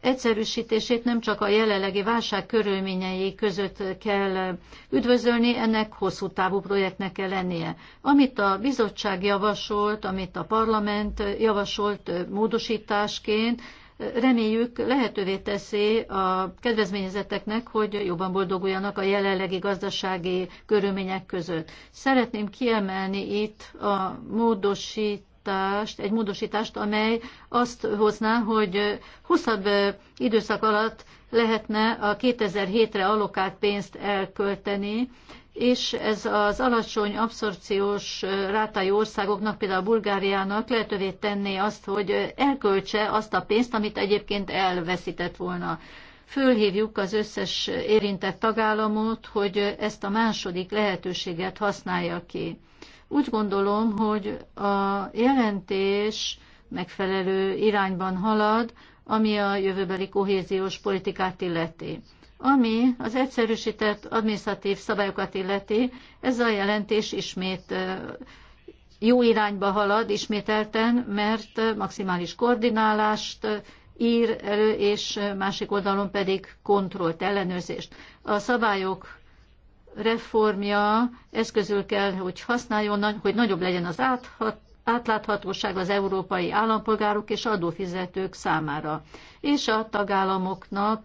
egyszerűsítését nem csak a jelenlegi válság körülményei között kell üdvözölni, ennek hosszú távú projektnek kell lennie. Amit a bizottság javasolt, amit a parlament javasolt módosításként, reméljük lehetővé teszi a kedvezményezeteknek, hogy jobban boldoguljanak a jelenlegi gazdasági körülmények között. Szeretném kiemelni itt a módosít módosítást, egy módosítást, amely azt hozná, hogy hosszabb időszak alatt lehetne a 2007-re allokált pénzt elkölteni, és ez az alacsony abszorpciós rátai országoknak, például Bulgáriának lehetővé tenné azt, hogy elköltse azt a pénzt, amit egyébként elveszített volna. Fölhívjuk az összes érintett tagállamot, hogy ezt a második lehetőséget használja ki. Úgy gondolom, hogy a jelentés megfelelő irányban halad, ami a jövőbeli kohéziós politikát illeti. Ami az egyszerűsített administratív szabályokat illeti, ez a jelentés ismét jó irányba halad ismételten, mert maximális koordinálást ír elő, és másik oldalon pedig kontrollt, ellenőrzést. A szabályok reformja eszközül kell, hogy használjon, hogy nagyobb legyen az áthat, átláthatóság az európai állampolgárok és adófizetők számára, és a tagállamoknak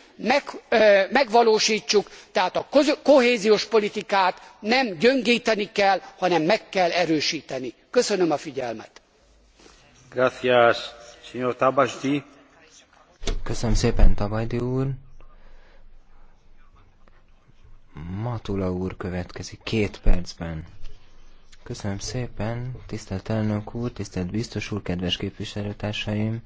megvalóstsuk tehát a kohéziós politikát nem gyengteni kell hanem meg kell erősteni. köszönöm a figyelmet. Köszönöm szépen, Tabajdi úr. Matula úr következik két percben. Köszönöm szépen, tisztelt elnök úr, tisztelt biztos úr, kedves képviselőtársaim!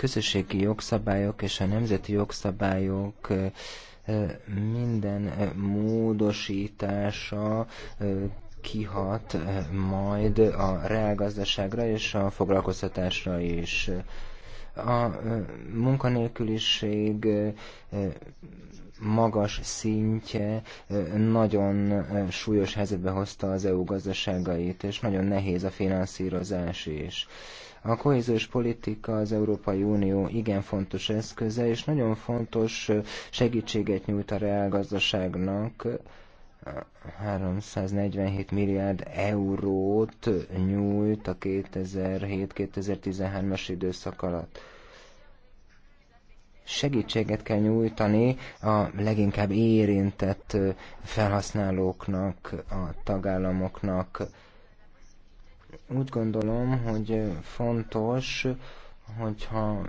közösségi jogszabályok és a nemzeti jogszabályok minden módosítása kihat majd a reálgazdaságra és a foglalkoztatásra is. A munkanélküliség magas szintje nagyon súlyos helyzetbe hozta az EU gazdaságait, és nagyon nehéz a finanszírozás is. A kohéziós politika az Európai Unió igen fontos eszköze, és nagyon fontos segítséget nyújt a reálgazdaságnak, 347 milliárd eurót nyújt a 2007-2013-as időszak alatt. Segítséget kell nyújtani a leginkább érintett felhasználóknak, a tagállamoknak, úgy gondolom, hogy fontos, hogyha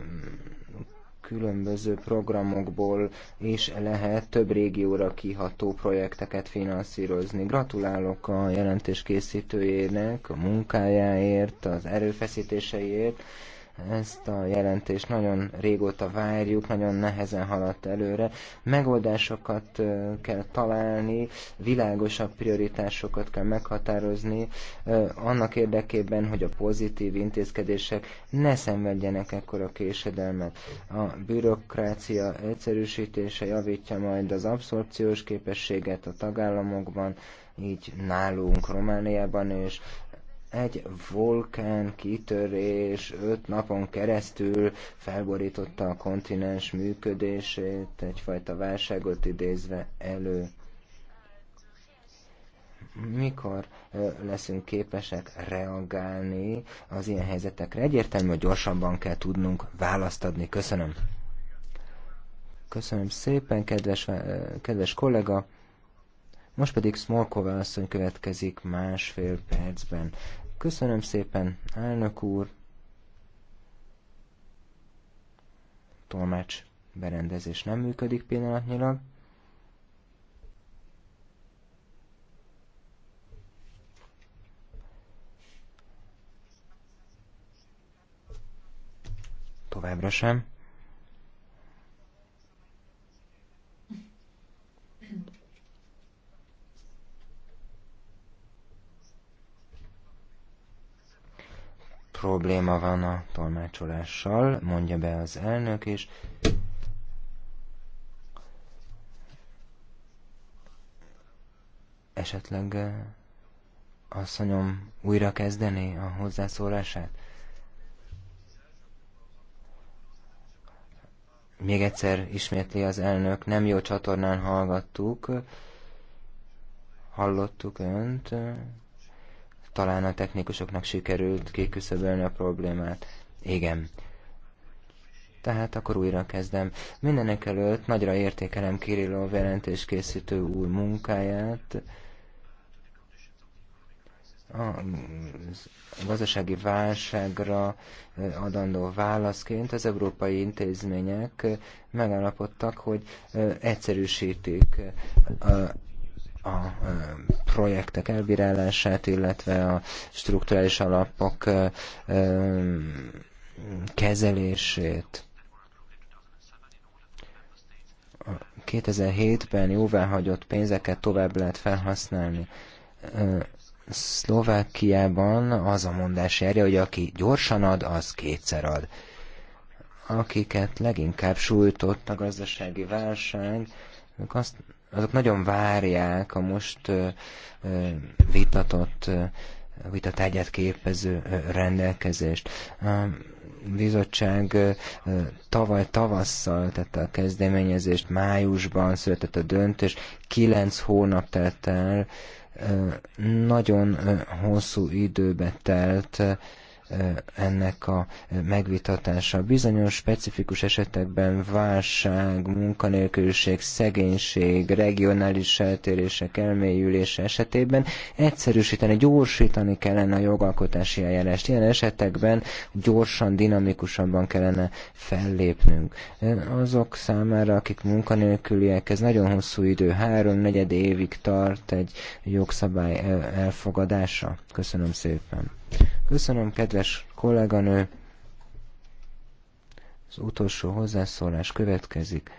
különböző programokból is lehet több régióra kiható projekteket finanszírozni. Gratulálok a jelentés készítőjének a munkájáért, az erőfeszítéseiért, ezt a jelentést nagyon régóta várjuk, nagyon nehezen haladt előre. Megoldásokat kell találni, világosabb prioritásokat kell meghatározni, annak érdekében, hogy a pozitív intézkedések ne szenvedjenek ekkora késedelmet. A bürokrácia egyszerűsítése javítja majd az abszorpciós képességet a tagállamokban, így nálunk Romániában és egy vulkán kitörés öt napon keresztül felborította a kontinens működését, egyfajta válságot idézve elő mikor leszünk képesek reagálni az ilyen helyzetekre. Egyértelmű, hogy gyorsabban kell tudnunk választ adni. Köszönöm. Köszönöm szépen, kedves, kedves kollega. Most pedig Smolkova asszony következik másfél percben. Köszönöm szépen, elnök úr. Tolmács berendezés nem működik pillanatnyilag. Továbbra sem. probléma van a tolmácsolással, mondja be az elnök, és esetleg eh, asszonyom újra kezdené a hozzászólását? Még egyszer ismétli az elnök, nem jó csatornán hallgattuk, hallottuk önt, talán a technikusoknak sikerült kiküszöbölni a problémát. Igen. Tehát akkor újra kezdem. Mindenek előtt nagyra értékelem Kirillov jelentéskészítő új munkáját. A gazdasági válságra adandó válaszként az európai intézmények megállapodtak, hogy egyszerűsítik a projektek elbírálását, illetve a strukturális alapok kezelését. 2007-ben jóváhagyott pénzeket tovább lehet felhasználni. Szlovákiában az a mondás erje, hogy aki gyorsan ad, az kétszer ad. Akiket leginkább sújtott a gazdasági válság, ők azt azok nagyon várják a most vitatott, vitatágyát képező rendelkezést. A bizottság tavaly tavasszal tette a kezdeményezést, májusban született a döntés, kilenc hónap telt el, nagyon hosszú időbe telt, Eh, ennek a eh, megvitatása. Bizonyos specifikus esetekben válság, munkanélküliség, szegénység, regionális eltérések elmélyülése esetében egyszerűsíteni, gyorsítani kellene a jogalkotási eljárást. Ilyen esetekben gyorsan, dinamikusabban kellene fellépnünk. Azok számára, akik munkanélküliek, ez nagyon hosszú idő, három-negyed évig tart egy jogszabály eh, elfogadása. Köszönöm szépen. Köszönöm, kedves kolléganő! Az utolsó hozzászólás következik.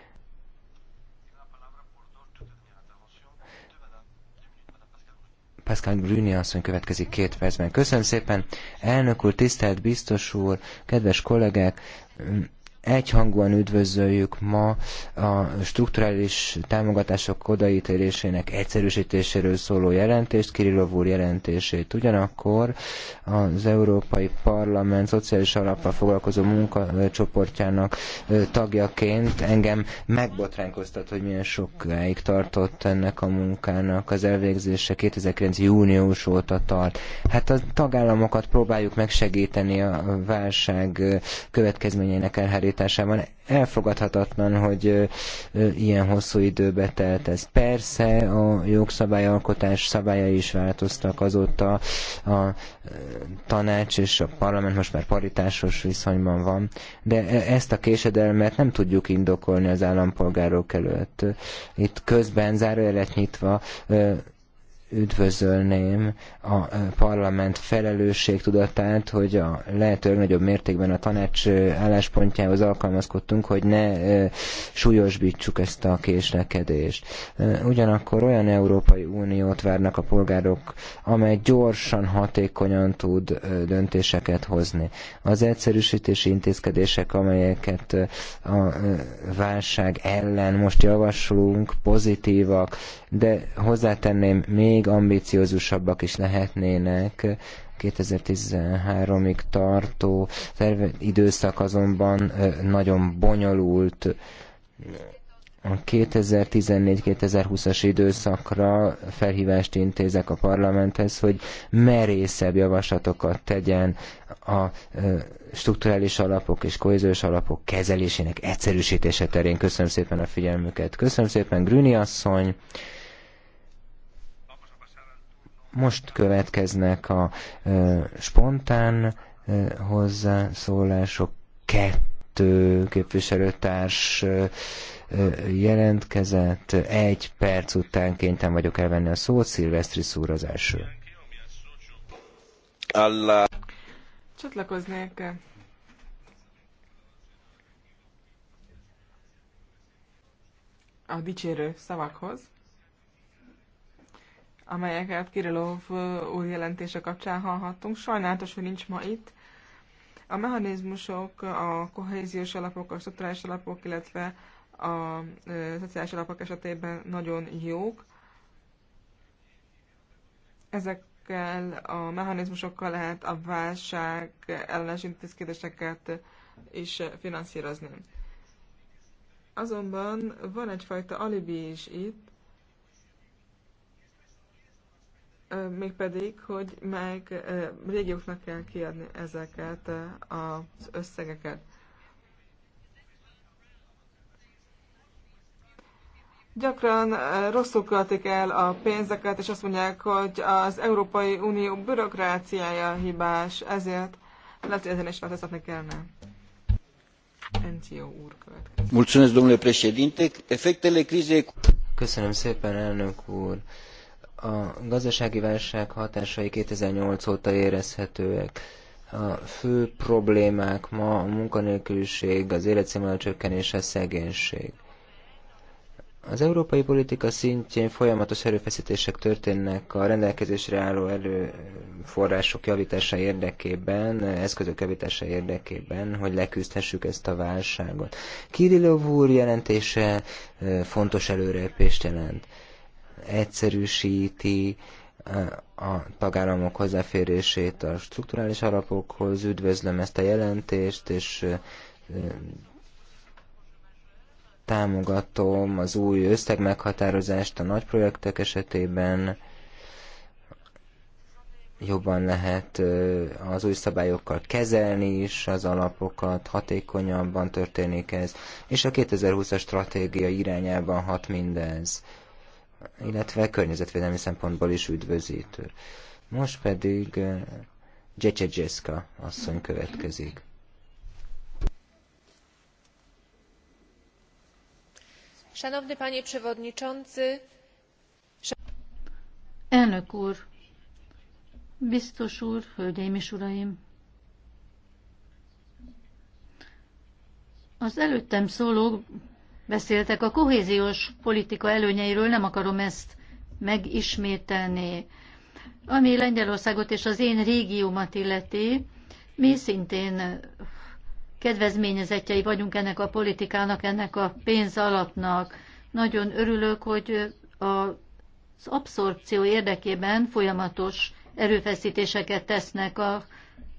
Pascal Bruni asszony következik két percben. Köszönöm szépen, elnök úr, tisztelt biztos úr, kedves kollégák! egyhangúan üdvözöljük ma a strukturális támogatások odaítélésének egyszerűsítéséről szóló jelentést, Kirillov úr jelentését. Ugyanakkor az Európai Parlament szociális alappal foglalkozó munkacsoportjának tagjaként engem megbotránkoztat, hogy milyen sokáig tartott ennek a munkának az elvégzése 2009. június óta tart. Hát a tagállamokat próbáljuk megsegíteni a válság következményeinek elhárítását megállításában Elfogadhatatlan, hogy ilyen hosszú időbe telt ez. Persze a jogszabályalkotás szabályai is változtak azóta, a tanács és a parlament most már paritásos viszonyban van, de e, ezt a késedelmet nem tudjuk indokolni az állampolgárok előtt. Itt közben zárójelet nyitva üdvözölném a parlament felelősségtudatát, hogy a lehető legnagyobb mértékben a tanács álláspontjához alkalmazkodtunk, hogy ne súlyosbítsuk ezt a késlekedést. Ugyanakkor olyan Európai Uniót várnak a polgárok, amely gyorsan, hatékonyan tud döntéseket hozni. Az egyszerűsítési intézkedések, amelyeket a válság ellen most javaslunk, pozitívak, de hozzátenném még még ambiciózusabbak is lehetnének. 2013-ig tartó terve, időszak azonban nagyon bonyolult. A 2014-2020-as időszakra felhívást intézek a parlamenthez, hogy merészebb javaslatokat tegyen a strukturális alapok és kohéziós alapok kezelésének egyszerűsítése terén. Köszönöm szépen a figyelmüket. Köszönöm szépen, Grüni asszony. Most következnek a ö, spontán ö, hozzászólások. Kettő képviselőtárs ö, jelentkezett. Egy perc után kénytelen vagyok elvenni a szót. Szilvesztri szúr az első. Csatlakoznék a dicsérő szavakhoz amelyeket Kirillov új jelentése kapcsán hallhattunk. Sajnálatos, hogy nincs ma itt. A mechanizmusok, a kohéziós alapok, a strukturális alapok, illetve a szociális alapok esetében nagyon jók. Ezekkel a mechanizmusokkal lehet a válság ellenes intézkedéseket is finanszírozni. Azonban van egyfajta alibi is itt, mégpedig, hogy meg régióknak kell kiadni ezeket az összegeket. Gyakran rosszul költik el a pénzeket, és azt mondják, hogy az Európai Unió bürokráciája hibás, ezért lehet, hogy ezen is változtatni kellene. Enció úr következik. Mulțumesc, domnule președinte. Efectele crizei... Köszönöm szépen, elnök úr. A gazdasági válság hatásai 2008 óta érezhetőek. A fő problémák ma a munkanélküliség, az életszínvonal csökkenés, a szegénység. Az európai politika szintjén folyamatos erőfeszítések történnek a rendelkezésre álló erőforrások javítása érdekében, eszközök javítása érdekében, hogy leküzdhessük ezt a válságot. Kirillov úr jelentése fontos előrelépést jelent egyszerűsíti a tagállamok hozzáférését a strukturális alapokhoz. Üdvözlöm ezt a jelentést, és támogatom az új összegmeghatározást a nagy projektek esetében. Jobban lehet az új szabályokkal kezelni is az alapokat, hatékonyabban történik ez, és a 2020-as stratégia irányában hat mindez illetve környezetvédelmi szempontból is üdvözítő. Most pedig Jessica asszony következik. Szanowny panie przewodniczący, Elnök úr, biztos úr, hölgyeim és uraim! Az előttem szólók beszéltek. A kohéziós politika előnyeiről nem akarom ezt megismételni. Ami Lengyelországot és az én régiómat illeti, mi szintén kedvezményezettjei vagyunk ennek a politikának, ennek a alapnak. Nagyon örülök, hogy az abszorpció érdekében folyamatos erőfeszítéseket tesznek a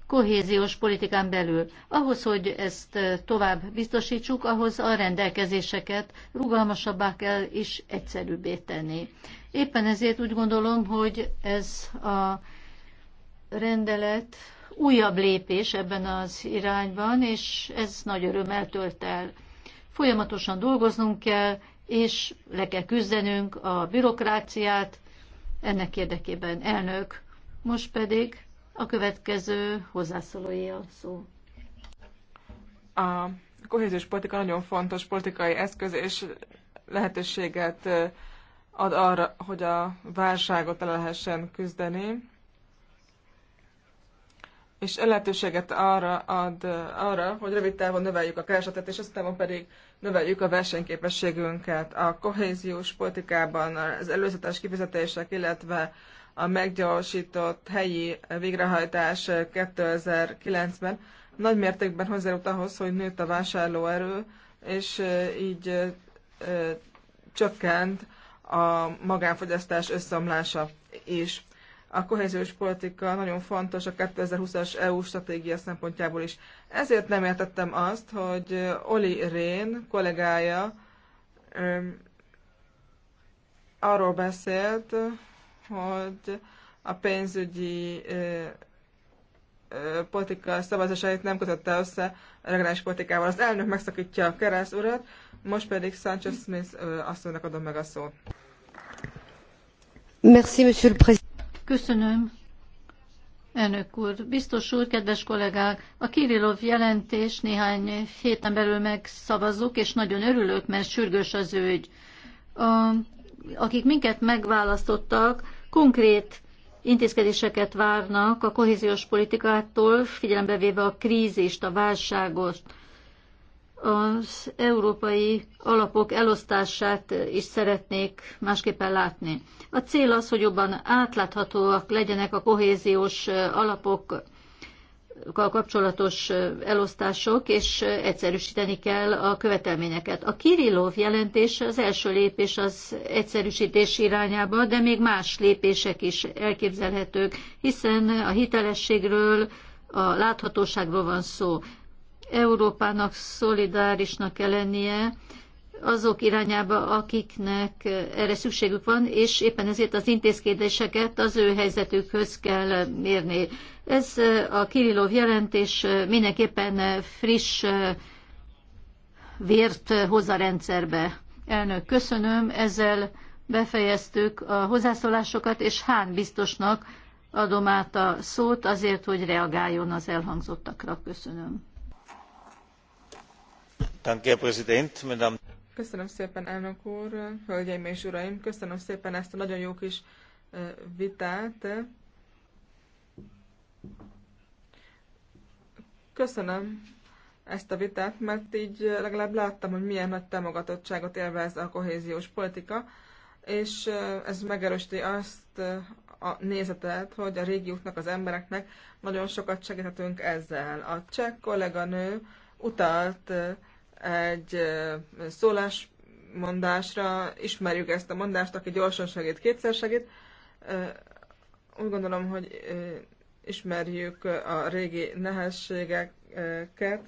kohéziós politikán belül. Ahhoz, hogy ezt tovább biztosítsuk, ahhoz a rendelkezéseket rugalmasabbá kell és egyszerűbbé tenni. Éppen ezért úgy gondolom, hogy ez a rendelet újabb lépés ebben az irányban, és ez nagy örömmel tölt el. Folyamatosan dolgoznunk kell, és le kell küzdenünk a bürokráciát, ennek érdekében elnök. Most pedig a következő a szó. A kohéziós politika nagyon fontos politikai eszköz és lehetőséget ad arra, hogy a válságot el lehessen küzdeni, és lehetőséget arra ad arra, hogy rövid távon növeljük a keresetet és aztán pedig növeljük a versenyképességünket. A kohéziós politikában az előzetes kifizetések, illetve a meggyorsított helyi végrehajtás 2009-ben nagy mértékben hozzájárult ahhoz, hogy nőtt a vásárlóerő, és így csökkent a magánfogyasztás összeomlása is. A kohéziós politika nagyon fontos a 2020-as EU stratégia szempontjából is. Ezért nem értettem azt, hogy Oli Rén kollégája arról beszélt, hogy a pénzügyi ö, ö, politika szavazásait nem kötötte össze a regionális politikával. Az elnök megszakítja a kereszt urat, most pedig Sanchez Smith asszonynak adom meg a szót. Merci, monsieur le Köszönöm. Elnök úr, biztos úr, kedves kollégák, a Kirillov jelentés néhány héten belül megszavazzuk, és nagyon örülök, mert sürgős az ügy. A, akik minket megválasztottak, konkrét intézkedéseket várnak a kohéziós politikától, figyelembe véve a krízist, a válságot, az európai alapok elosztását is szeretnék másképpen látni. A cél az, hogy jobban átláthatóak legyenek a kohéziós alapok kapcsolatos elosztások, és egyszerűsíteni kell a követelményeket. A Kirillov jelentés az első lépés az egyszerűsítés irányába, de még más lépések is elképzelhetők, hiszen a hitelességről, a láthatóságról van szó. Európának szolidárisnak kell lennie, azok irányába, akiknek erre szükségük van, és éppen ezért az intézkedéseket az ő helyzetükhöz kell mérni. Ez a Kirillov jelentés mindenképpen friss vért hoz a rendszerbe. Elnök, köszönöm. Ezzel befejeztük a hozzászólásokat, és Hán biztosnak adom át a szót azért, hogy reagáljon az elhangzottakra. Köszönöm. Danke, Herr Präsident, Köszönöm szépen, elnök úr, hölgyeim és uraim, köszönöm szépen ezt a nagyon jó kis vitát. Köszönöm ezt a vitát, mert így legalább láttam, hogy milyen nagy támogatottságot élvez a kohéziós politika, és ez megerősíti azt a nézetet, hogy a régióknak, az embereknek nagyon sokat segíthetünk ezzel. A cseh kolléganő utalt egy szólásmondásra, ismerjük ezt a mondást, aki gyorsan segít, kétszer segít. Úgy gondolom, hogy ismerjük a régi nehézségeket.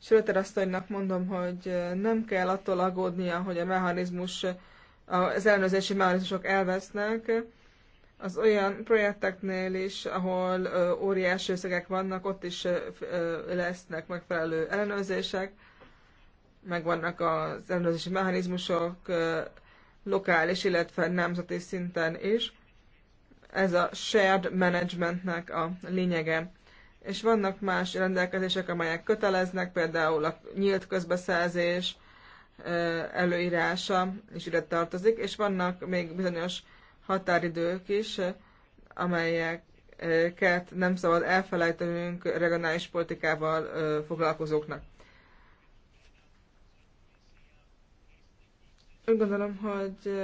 Schröter asszonynak mondom, hogy nem kell attól aggódnia, hogy a mechanizmus, az ellenőrzési mechanizmusok elvesznek, az olyan projekteknél is, ahol óriási összegek vannak, ott is lesznek megfelelő ellenőrzések megvannak az ellenőrzési mechanizmusok lokális, illetve nemzeti szinten is. Ez a shared managementnek a lényege. És vannak más rendelkezések, amelyek köteleznek, például a nyílt közbeszerzés előírása is ide tartozik, és vannak még bizonyos határidők is, amelyeket nem szabad elfelejtenünk regionális politikával foglalkozóknak. Úgy gondolom, hogy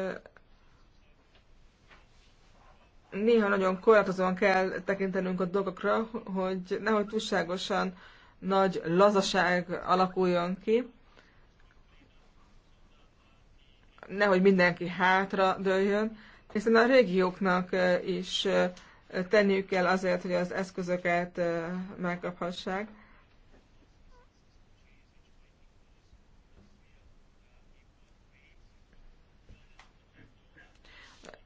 néha nagyon korlátozóan kell tekintenünk a dolgokra, hogy nehogy túlságosan nagy lazaság alakuljon ki, nehogy mindenki hátra dőljön, hiszen a régióknak is tenniük kell azért, hogy az eszközöket megkaphassák.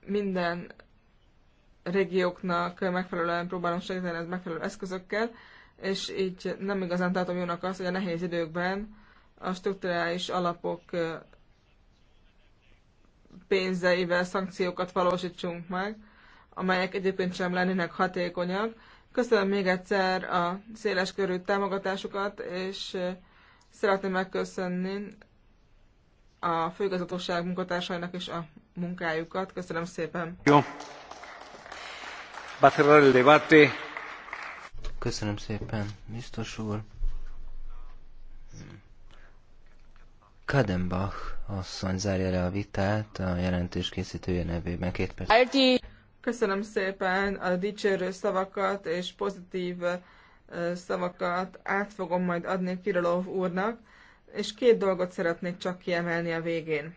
minden régióknak megfelelően próbálom segíteni ez megfelelő eszközökkel, és így nem igazán tartom jónak azt, hogy a nehéz időkben a struktúrális alapok pénzeivel szankciókat valósítsunk meg, amelyek egyébként sem lennének hatékonyak. Köszönöm még egyszer a széles körű támogatásukat, és szeretném megköszönni a főigazgatóság munkatársainak is a munkájukat. Köszönöm szépen! Jó. Köszönöm szépen, biztos úr. Kadenbach asszony zárja le a vitát a jelentés készítője nevében két perc. Köszönöm szépen a dicsérő szavakat és pozitív szavakat át fogom majd adni Kirilov úrnak, és két dolgot szeretnék csak kiemelni a végén.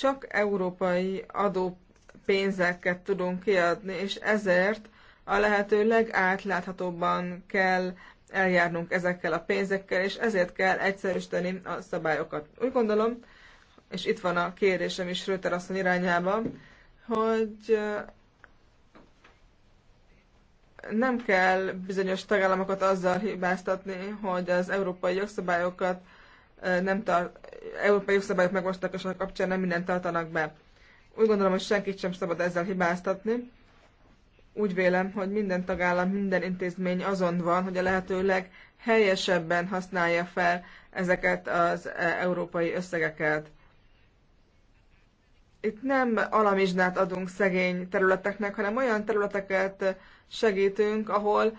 Csak európai adópénzeket tudunk kiadni, és ezért a lehető legátláthatóbban kell eljárnunk ezekkel a pénzekkel, és ezért kell egyszerűsíteni a szabályokat. Úgy gondolom, és itt van a kérésem is Röter asszony irányába, hogy eh, nem kell bizonyos tagállamokat azzal hibáztatni, hogy az európai jogszabályokat nem tar- európai jogszabályok megvostak, és annak kapcsán nem mindent tartanak be. Úgy gondolom, hogy senkit sem szabad ezzel hibáztatni. Úgy vélem, hogy minden tagállam, minden intézmény azon van, hogy a lehetőleg helyesebben használja fel ezeket az e, európai összegeket. Itt nem alamizsnát adunk szegény területeknek, hanem olyan területeket segítünk, ahol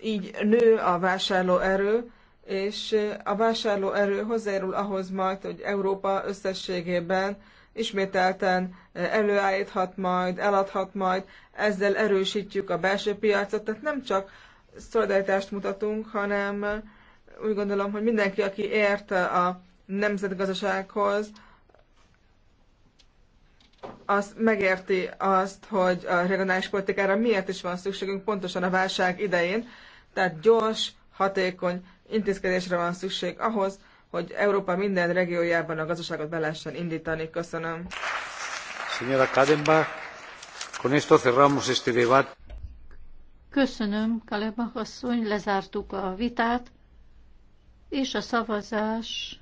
így nő a vásárlóerő, és a vásárló erő hozzájárul ahhoz majd, hogy Európa összességében ismételten előállíthat majd, eladhat majd, ezzel erősítjük a belső piacot, tehát nem csak szolidaritást mutatunk, hanem úgy gondolom, hogy mindenki, aki ért a nemzetgazdasághoz, az megérti azt, hogy a regionális politikára miért is van szükségünk pontosan a válság idején, tehát gyors, hatékony intézkedésre van szükség ahhoz, hogy Európa minden regiójában a gazdaságot be lehessen indítani. Köszönöm. con esto cerramos este debate. Köszönöm, Kalebach asszony, lezártuk a vitát, és a szavazás